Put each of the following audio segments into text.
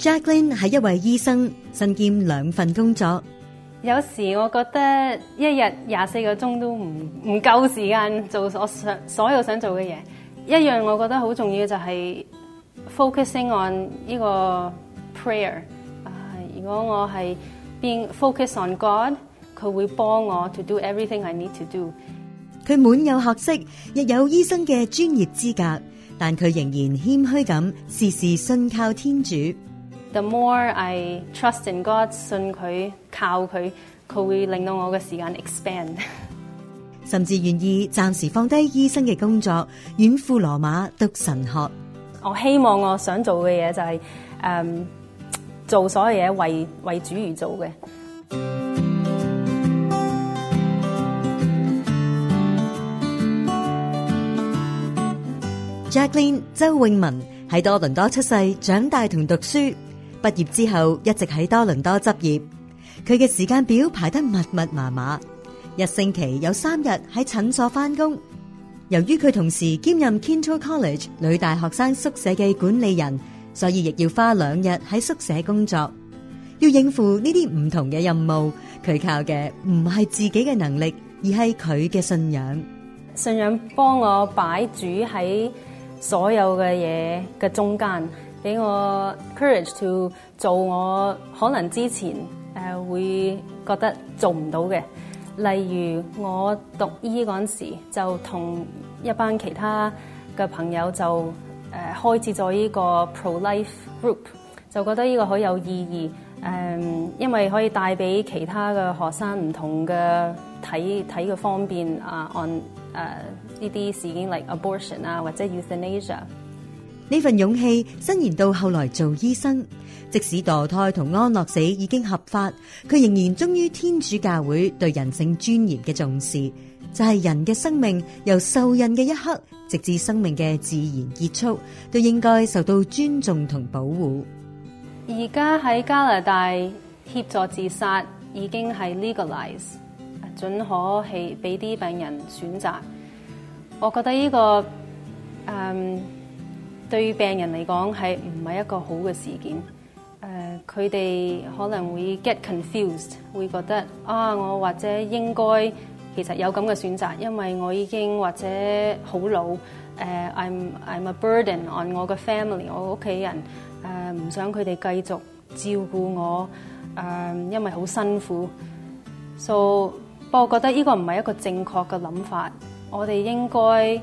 Jacqueline 係一位醫生，身兼兩份工作。有時我覺得一日廿四個鐘都唔唔夠時間做我想所有想做嘅嘢。一樣我覺得好重要就係 focusing on 呢個 prayer。啊，如果我係 being focus on God，佢會幫我 to do everything I need to do。佢滿有學識，亦有醫生嘅專業資格，但佢仍然謙虛咁，事事信靠天主。The more I trust in God，信佢靠佢，佢會令到我嘅時間 expand。甚至願意暫時放低醫生嘅工作，遠赴羅馬讀神學。我希望我想做嘅嘢就係、是，誒、um, 做所有嘢為為主而做嘅。Jacqueline 周永文喺多倫多出世、長大同讀書。畢業之後一直喺多倫多執業，佢嘅時間表排得密密麻麻，一星期有三日喺診所返工。由於佢同時兼任 Kinto College 女大學生宿舍嘅管理人，所以亦要花兩日喺宿舍工作。要應付呢啲唔同嘅任務，佢靠嘅唔係自己嘅能力，而係佢嘅信仰。信仰幫我擺住喺所有嘅嘢嘅中間。俾我 courage to 做我可能之前誒、uh, 會覺得做唔到嘅，例如我讀醫嗰陣時就同一班其他嘅朋友就、uh, 開設咗呢個 pro-life group，就覺得呢個好有意義、um, 因為可以帶俾其他嘅學生唔同嘅睇睇嘅方便啊，on 誒呢啲事件例、like、如 abortion 啊或者 euthanasia。呢份勇氣，伸延到後來做醫生，即使墮胎同安樂死已經合法，佢仍然忠於天主教會對人性尊嚴嘅重視，就係、是、人嘅生命由受孕嘅一刻，直至生命嘅自然結束，都應該受到尊重同保護。而家喺加拿大協助自殺已經係 legalize，准可係俾啲病人選擇。我覺得呢、呢個，嗯。對於病人嚟講係唔係一個好嘅事件？誒，佢哋可能會 get confused，會覺得啊，我或者應該其實有咁嘅選擇，因為我已經或者好老。Uh, I'm I'm a burden on 我嘅 family，我屋企人誒唔、uh, 想佢哋繼續照顧我，um, 因為好辛苦。So，不過我覺得呢個唔係一個正確嘅諗法。我哋應該。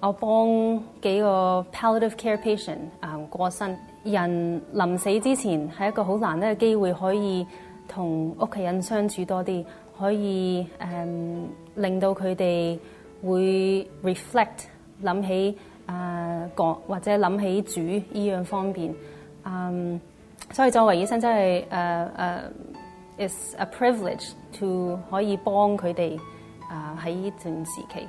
我幫幾個 palliative care patient 啊、uh, 過身，人臨死之前係一個好難得嘅機會，可以同屋企人相處多啲，可以、um, 令到佢哋會 reflect 諗起誒、uh, 或者諗起主依樣方面，um, 所以作為醫生真係誒誒 it's a privilege to 可以幫佢哋啊喺一段時期。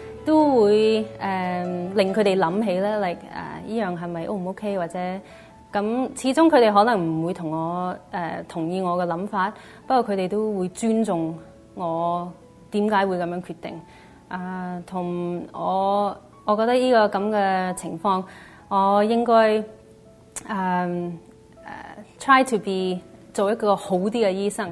都會、嗯、令佢哋諗起咧，嚟誒呢樣係咪 O 唔 OK 或者咁？始終佢哋可能唔會同我、啊、同意我嘅諗法，不過佢哋都會尊重我點解會咁樣決定。啊，同我，我覺得呢、呢個咁嘅情況，我應該、啊啊、try to be 做一個好啲嘅醫生。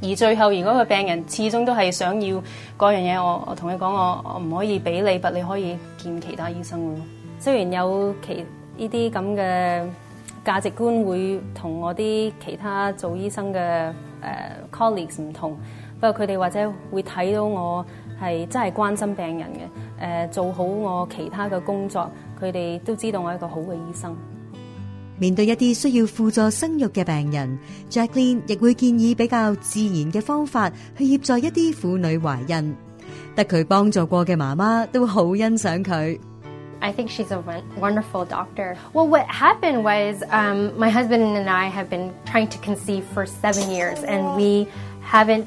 而最後，如果個病人始終都係想要嗰樣嘢，我我同你講，我我唔可以俾你，但你可以見其他醫生咯。雖然有其呢啲咁嘅價值觀會同我啲其他做醫生嘅誒、呃、colleagues 唔同，不過佢哋或者會睇到我係真係關心病人嘅，誒、呃、做好我其他嘅工作，佢哋都知道我係一個好嘅醫生。面對一啲需要輔助生育嘅病人，Jacklyn 亦會建議比較自然嘅方法去協助一啲婦女懷孕。得佢幫助過嘅媽媽都好欣賞佢。I think she's a wonderful doctor. Well, what happened was, um, my husband and I have been trying to conceive for seven years, and we haven't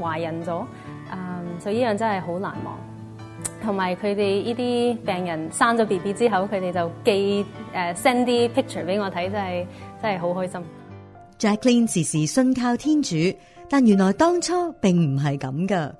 懷孕咗，嗯，所以依樣真係好難忘。同埋佢哋呢啲病人生咗 B B 之後，佢哋就寄誒 send 啲 picture 俾我睇，真係真係好開心。Jacklyn 時時信靠天主，但原來當初並唔係咁噶。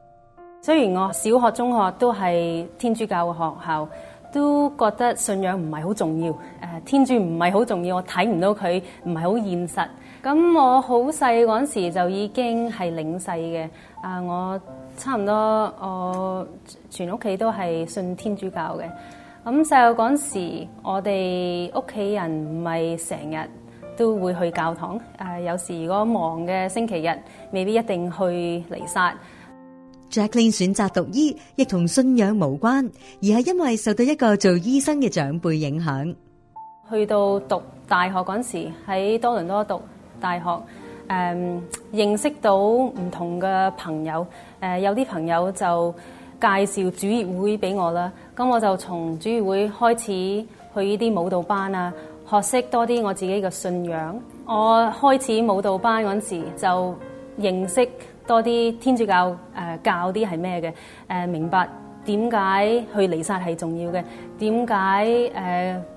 雖然我小學、中學都係天主教嘅學校，都覺得信仰唔係好重要，誒、呃，天主唔係好重要，我睇唔到佢唔係好現實。咁我好細嗰陣時就已經係領洗嘅。啊，我差唔多我全屋企都係信天主教嘅。咁細個嗰陣時，我哋屋企人唔係成日都會去教堂，誒，有時如果忙嘅星期日，未必一定去嚟曬。Jacklyn 選擇讀醫，亦同信仰無關，而係因為受到一個做醫生嘅長輩影響。去到讀大學嗰陣時，喺多倫多讀。大學誒、嗯、認識到唔同嘅朋友，誒、呃、有啲朋友就介紹主業會俾我啦。咁我就從主業會開始去呢啲舞蹈班啊，學識多啲我自己嘅信仰。我開始舞蹈班嗰陣時，就認識多啲天主教誒、呃、教啲係咩嘅，誒、呃、明白點解去彌撒係重要嘅，點解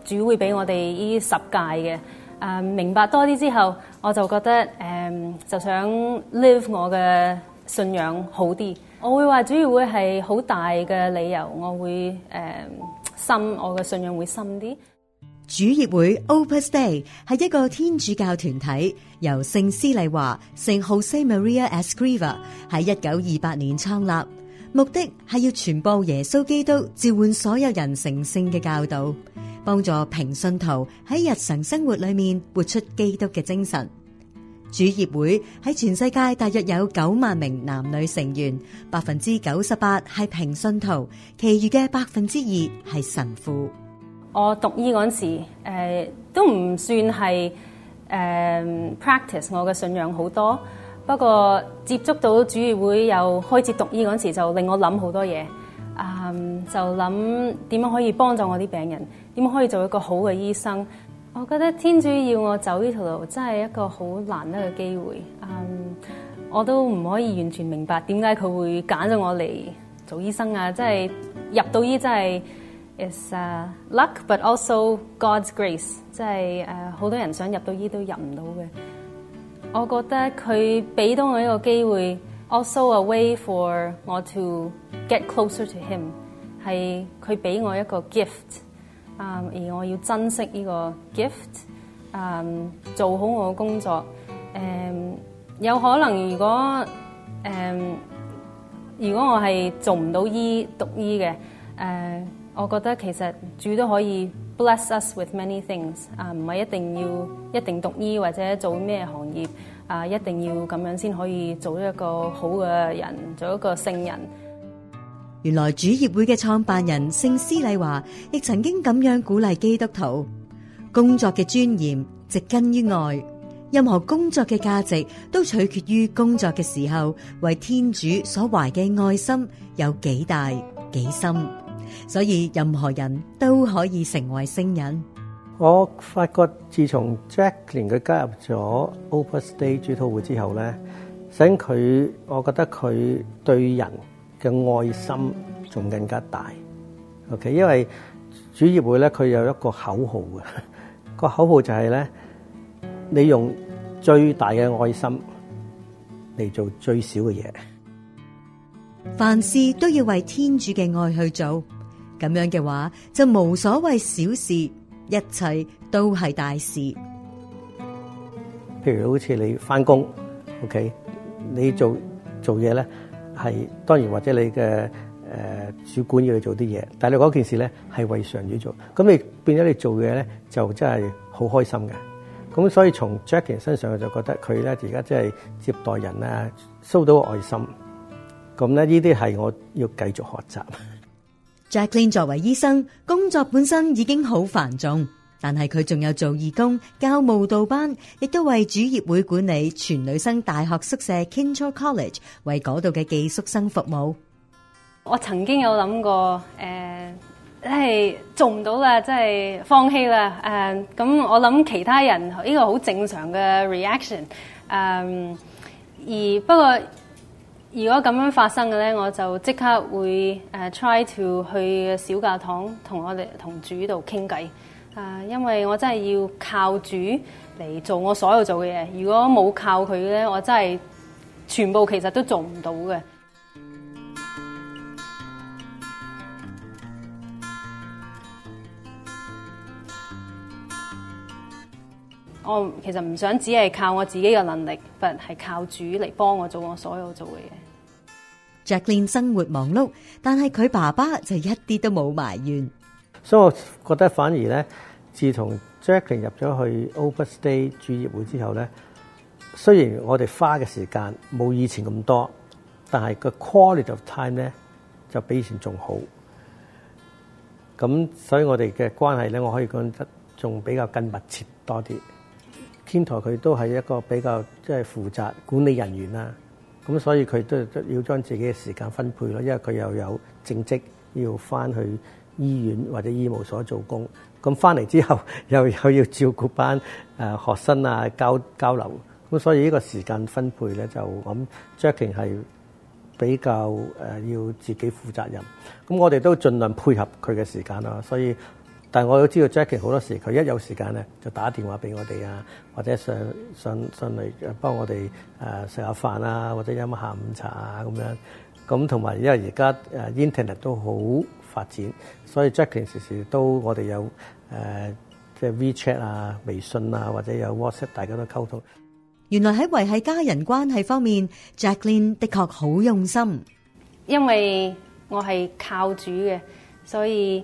誒主會俾我哋呢十誡嘅。Um, 明白多啲之後，我就覺得、um, 就想 live 我嘅信仰好啲。我會話主業會係好大嘅理由，我會誒、um, 深我嘅信仰會深啲。主業會 Opus Dei 係一個天主教團體，由聖斯麗華聖浩西 Maria Escriva 喺一九二八年創立，目的係要傳播耶穌基督召喚所有人成聖嘅教導。幫助平信徒喺日常生活裏面活出基督嘅精神。主業會喺全世界大約有九萬名男女成員，百分之九十八係平信徒其餘、其餘嘅百分之二係神父。我讀醫嗰陣時，誒、呃、都唔算係誒、呃、practice 我嘅信仰好多，不過接觸到主業會又開始讀醫嗰陣時，就令我諗好多嘢。嗯、um，，就諗點樣可以幫助我啲病人，點樣可以做一個好嘅醫生。我覺得天主要我走呢條路，真係一個好難得嘅機會。嗯、um，，我都唔可以完全明白點解佢會揀咗我嚟做醫生啊！即係入到醫真是，真係 is、uh, luck，but also God's grace。即係誒，好、uh, 多人想入到醫都入唔到嘅。我覺得佢俾到我一個機會。also a way for 我 to get closer to him，係佢俾我一個 gift，而我要珍惜呢個 gift，做好我嘅工作。誒，有可能，如果誒如果我係做唔到醫讀醫嘅，誒我覺得其實主都可以 bless us with many things 啊，唔係一定要一定讀醫或者做咩行業。啊！一定要咁樣先可以做一個好嘅人，做一個聖人。原來主業會嘅創辦人聖施禮華，亦曾經咁樣鼓勵基督徒：工作嘅尊嚴植根於愛，任何工作嘅價值都取決於工作嘅時候為天主所懷嘅愛心有幾大幾深。所以任何人都可以成為聖人。我發覺自從 Jacklin 佢加入咗 Opus Dei 主業會之後咧，使佢我覺得佢對人嘅愛心仲更加大。OK，因為主業會咧佢有一個口號嘅，個口號就係咧，你用最大嘅愛心嚟做最少嘅嘢。凡事都要為天主嘅愛去做，咁樣嘅話就無所謂小事。一切都係大事，譬如好似你翻工，OK，你做做嘢咧，係當然或者你嘅誒、呃、主管要你做啲嘢，但係你嗰件事咧係為上主做，咁你變咗你做嘢咧就真係好開心嘅。咁所以從 Jackie 身上我就覺得佢咧而家真係接待人啊，收到愛心，咁咧呢啲係我要繼續學習。Jacqueline 作為醫生，工作本身已經好繁重，但係佢仲有做義工、教舞蹈班，亦都為主業會管理全女生大學宿舍 Kinchal College，為嗰度嘅寄宿生服務。我曾經有諗過，誒、呃，即係做唔到啦，即、就、係、是、放棄啦，誒、呃，咁我諗其他人呢個好正常嘅 reaction，誒、呃，而不過。如果咁樣發生嘅呢，我就即刻會誒 try to 去小教堂同我哋同主度傾偈啊！因為我真係要靠主嚟做我所有做嘅嘢。如果冇靠佢呢，我真係全部其實都做唔到嘅。我其實唔想只係靠我自己嘅能力，但係靠主嚟幫我做我所有做嘅嘢。Jacklin 生活忙碌，但係佢爸爸就一啲都冇埋怨，所、so，以我覺得反而咧，自從 Jacklin 入咗去 Overstay 主業會之後咧，雖然我哋花嘅時間冇以前咁多，但係個 quality of time 咧就比以前仲好。咁所以我哋嘅關係咧，我可以講得仲比較更密切多啲。天台佢都係一個比較即係、就是、負責管理人員啦。咁所以佢都都要將自己嘅時間分配咯，因為，佢又有正職要翻去醫院或者醫務所做工，咁翻嚟之後，又又要照顧班誒學生啊交交流，咁所以呢個時間分配咧就咁 juggling 係比較誒要自己負責任，咁我哋都盡量配合佢嘅時間啦，所以。但係我都知道 Jackie 好多時佢一有時間咧就打電話俾我哋啊，或者上上上嚟幫我哋誒食下飯啊，或者飲下下午茶啊咁樣。咁同埋因為而家誒 internet 都好發展，所以 Jackie 時時都我哋有誒即係 WeChat 啊、微信啊，或者有 WhatsApp，大家都溝通。原來喺維係家人關係方面，Jacqueline 的確好用心，因為我係靠主嘅，所以。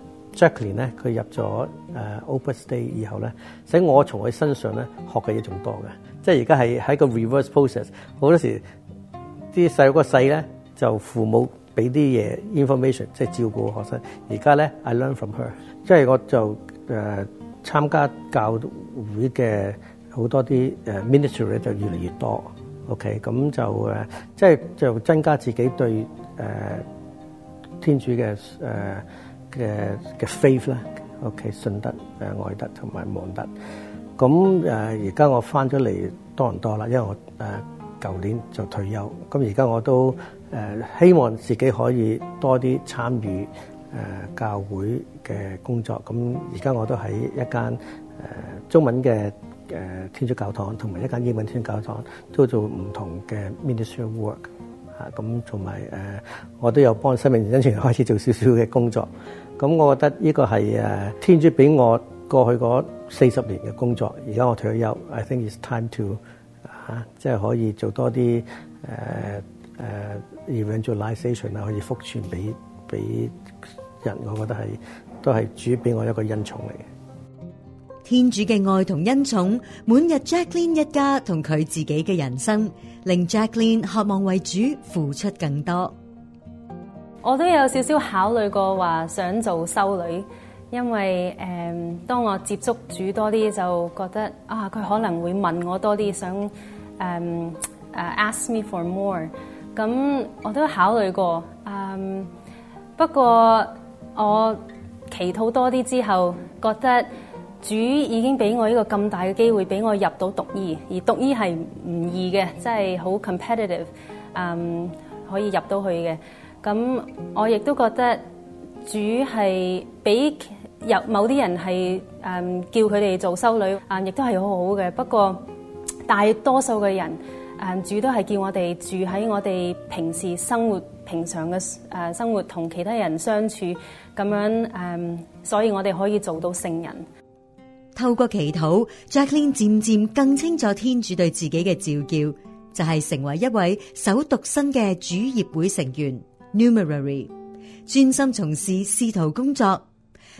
Jacqueline 咧，佢入咗誒 Open State 以後咧，使我從佢身上咧學嘅嘢仲多嘅。即係而家係喺個 reverse process，好多時啲細個個細咧，就父母俾啲嘢 information，即係照顧學生。而家咧，I learn from her，即係我就誒參、uh, 加教會嘅好多啲誒、uh, ministry 咧就越嚟越多。OK，咁就誒、uh, 即係就增加自己對誒、uh, 天主嘅誒。Uh, 嘅嘅 faith 咧，OK，信德，誒愛德同埋望德。咁誒而家我翻咗嚟多倫多啦，因為我誒舊、呃、年就退休，咁而家我都誒、呃、希望自己可以多啲參與誒教會嘅工作。咁而家我都喺一間誒、呃、中文嘅誒、呃、天主教堂，同埋一間英文天主教堂都做唔同嘅 ministerial work。咁同埋誒我都有幫生命恩泉開始做少少嘅工作。咁我覺得呢個係誒、呃、天主俾我過去嗰四十年嘅工作。而家我退咗休，I think it's time to 吓、啊，即係可以做多啲誒誒 evangelization 啊，可以福傳俾俾人。我覺得係都係主俾我一個恩寵嚟嘅。天主嘅愛同恩寵每日，Jacqueline 一家同佢自己嘅人生，令 Jacqueline 渴望為主付出更多。我都有少少考慮過話想做修女，因為誒、嗯，當我接觸主多啲，就覺得啊，佢可能會問我多啲，想誒誒、嗯啊，ask me for more、嗯。咁我都考慮過、嗯，不過我祈禱多啲之後，覺得。主已經俾我一個咁大嘅機會，俾我入到讀醫，而讀醫係唔易嘅，即係好 competitive。嗯，可以入到去嘅。咁、嗯、我亦都覺得主係俾某啲人係、嗯、叫佢哋做修女啊，亦都係好好嘅。不過大多數嘅人、嗯、主都係叫我哋住喺我哋平時生活平常嘅生活，同其他人相處咁樣、嗯、所以我哋可以做到聖人。透過祈禱，Jacqueline 漸漸更清楚天主對自己嘅召叫，就係成為一位守獨身嘅主業會成員 （numerary），專心從事使徒工作。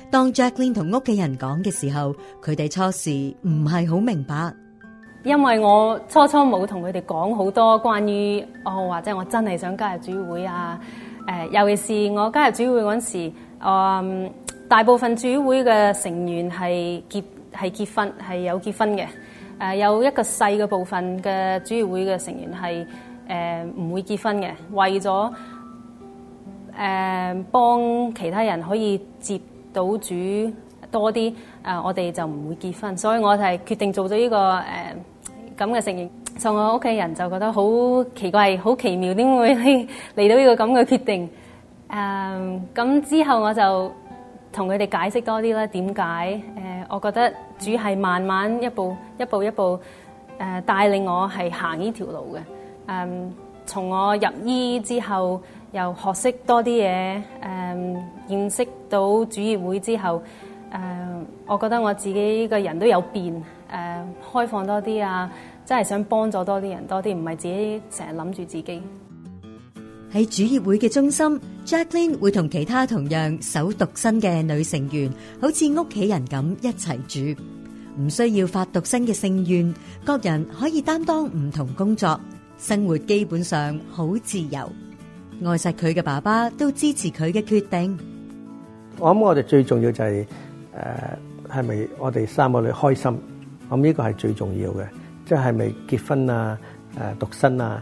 當 Jacqueline 同屋企人講嘅時候，佢哋初時唔係好明白，因為我初初冇同佢哋講好多關於哦，或者我真係想加入主會啊。誒，尤其是我加入主會嗰陣時，嗯，大部分主會嘅成員係結。係結婚，係有結婚嘅。誒有一個細嘅部分嘅主要會嘅成員係誒唔會結婚嘅，為咗誒、呃、幫其他人可以接到主多啲。誒、呃、我哋就唔會結婚，所以我就係決定做咗呢個誒咁嘅成員。所以我屋企人就覺得好奇怪、好奇妙點會嚟到呢個咁嘅決定。誒、呃、咁之後我就。同佢哋解釋多啲啦，點解，誒、呃，我覺得主係慢慢一步一步一步帶、呃、領我係行呢條路嘅。從、呃、我入醫之後，又學識多啲嘢，誒、呃、認識到主業會之後、呃，我覺得我自己個人都有變，呃、開放多啲啊，真係想幫助多啲人多啲，唔係自己成日諗住自己。喺主業會嘅中心，Jacqueline 會同其他同樣守獨身嘅女成員，好似屋企人咁一齊住，唔需要發獨身嘅聖願，各人可以擔當唔同工作，生活基本上好自由。愛錫佢嘅爸爸都支持佢嘅決定。我諗我哋最重要就係誒，係咪我哋三個女開心，咁呢個係最重要嘅，即係係咪結婚啊，誒，獨身啊。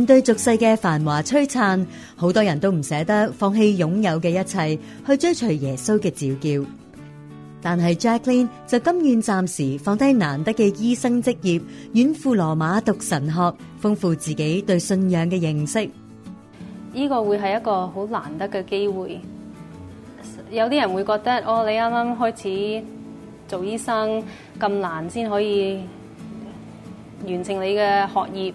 面對俗世嘅繁華璀璨，好多人都唔捨得放棄擁有嘅一切去追隨耶穌嘅召叫。但係 Jaclyn 就甘願暫時放低難得嘅醫生職業，遠赴羅馬讀神學，豐富自己對信仰嘅認識。呢個會係一個好難得嘅機會。有啲人會覺得哦，你啱啱開始做醫生咁難，先可以完成你嘅學業。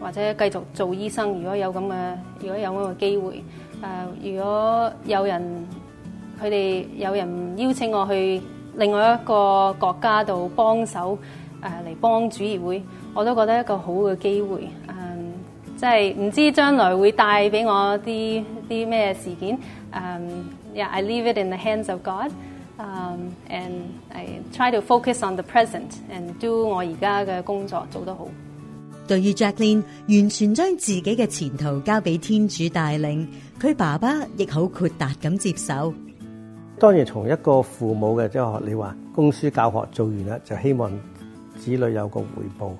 或者繼續做醫生，如果有咁嘅，如果有咁嘅機會，uh, 如果有人佢哋有人邀請我去另外一個國家度幫手，誒嚟幫主義會，我都覺得一個好嘅機會。嗯、um,，即係唔知將來會帶俾我啲啲咩事件。Um, yeah, I leave it in the hands of God、um,。嗯，and I try to focus on the present and do 我而家嘅工作做得好。對於 Jacklin，完全將自己嘅前途交俾天主帶領，佢爸爸亦好豁達咁接受。當然從一個父母嘅即係學你話，供書教學做完啦，就希望子女有個回報。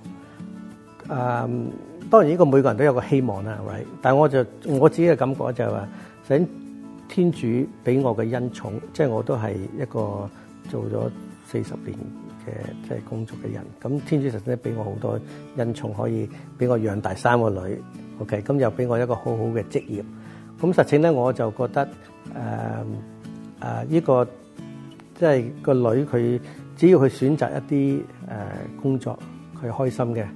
誒，當然呢個每個人都有個希望啦，係咪？但係我就我自己嘅感覺就係、是、話，想天主俾我嘅恩寵，即、就、係、是、我都係一個做咗四十年，嘅即係工作嘅人，咁天主神咧，俾我好多恩寵，可以俾我養大三個女，OK，咁又俾我一個好好嘅職業。咁實情咧，我就覺得誒誒，呢個即係個女佢只要去選擇一啲誒工作，佢開心嘅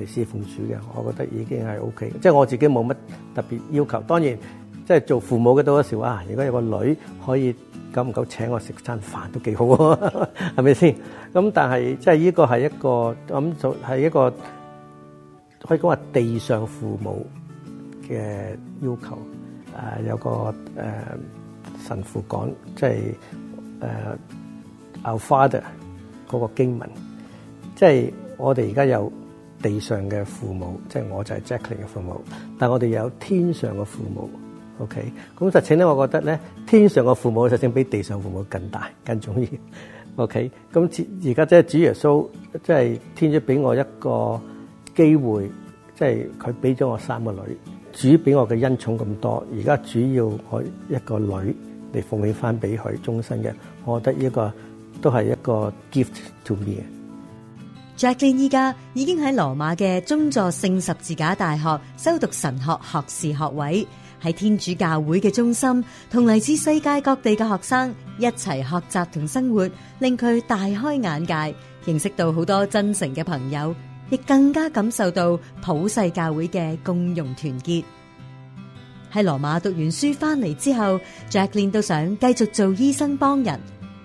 嚟侍奉主嘅，我覺得已經係 OK。即係我自己冇乜特別要求，當然即係做父母嘅多嗰時啊，如果有個女可以。夠唔夠請我食餐飯都幾好啊，係咪先？咁但係即係呢個係一個咁就係一個可以講話地上父母嘅要求。誒、呃、有個誒、呃、神父講即係誒、呃、Our Father 嗰個經文，即係我哋而家有地上嘅父母，即係我就係 Jackling 嘅父母，但我哋有天上嘅父母。O K，咁實情咧，我覺得咧，天上嘅父母實情比地上父母更大、更重要。O K，咁而家即係主耶穌，即係天主俾我一個機會，即係佢俾咗我三個女，主俾我嘅恩寵咁多，而家主要我一個女嚟奉獻翻俾佢終身嘅，我覺得呢一個都係一個 gift to me 嘅。Jackie 依家已經喺羅馬嘅中座聖十字架大學修讀神學學士學位。喺天主教會嘅中心，同嚟自世界各地嘅學生一齊學習同生活，令佢大開眼界，認識到好多真誠嘅朋友，亦更加感受到普世教會嘅共融團結。喺羅馬讀完書翻嚟之後，Jacklin 都想繼續做醫生幫人，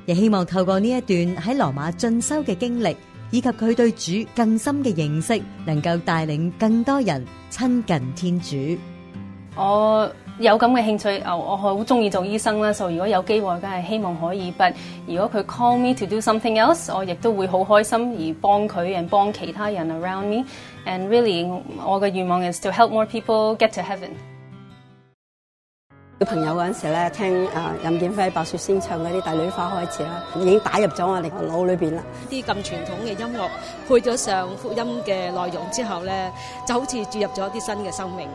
亦希望透過呢一段喺羅馬進修嘅經歷，以及佢對主更深嘅認識，能夠帶領更多人親近天主。我有咁嘅興趣，我好中意做醫生啦。所以如果有機會，梗係希望可以。但，如果佢 call me to do something else，我亦都會好開心而幫佢，而幫其他人 around me。And really，我嘅願望係 to help more people get to heaven。小朋友嗰陣時咧，聽啊任劍輝、白雪仙唱嗰啲《帝女花》開始啦，已經打入咗我哋個腦裏邊啦。啲咁傳統嘅音樂配咗上福音嘅內容之後咧，就好似注入咗一啲新嘅生命。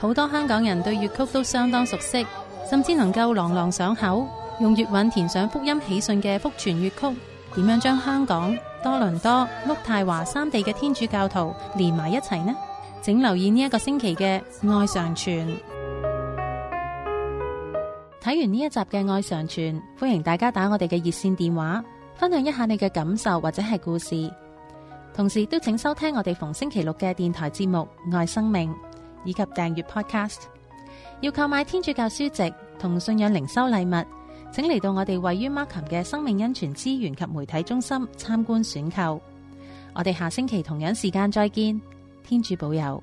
好多香港人對粵曲都相當熟悉，甚至能夠朗朗上口，用粵韻填上福音喜訊嘅《福傳粵曲》，點樣將香港、多倫多、渥太華三地嘅天主教徒連埋一齊呢？請留意呢一個星期嘅《愛上傳》。睇完呢一集嘅《愛上傳》，歡迎大家打我哋嘅熱線電話，分享一下你嘅感受或者係故事。同時，都請收聽我哋逢星期六嘅電台節目《愛生命》。以及訂閱 Podcast。要購買天主教書籍同信仰靈修禮物，請嚟到我哋位於 Markham 嘅生命恩泉資源及媒體中心參觀選購。我哋下星期同樣時間再見，天主保佑。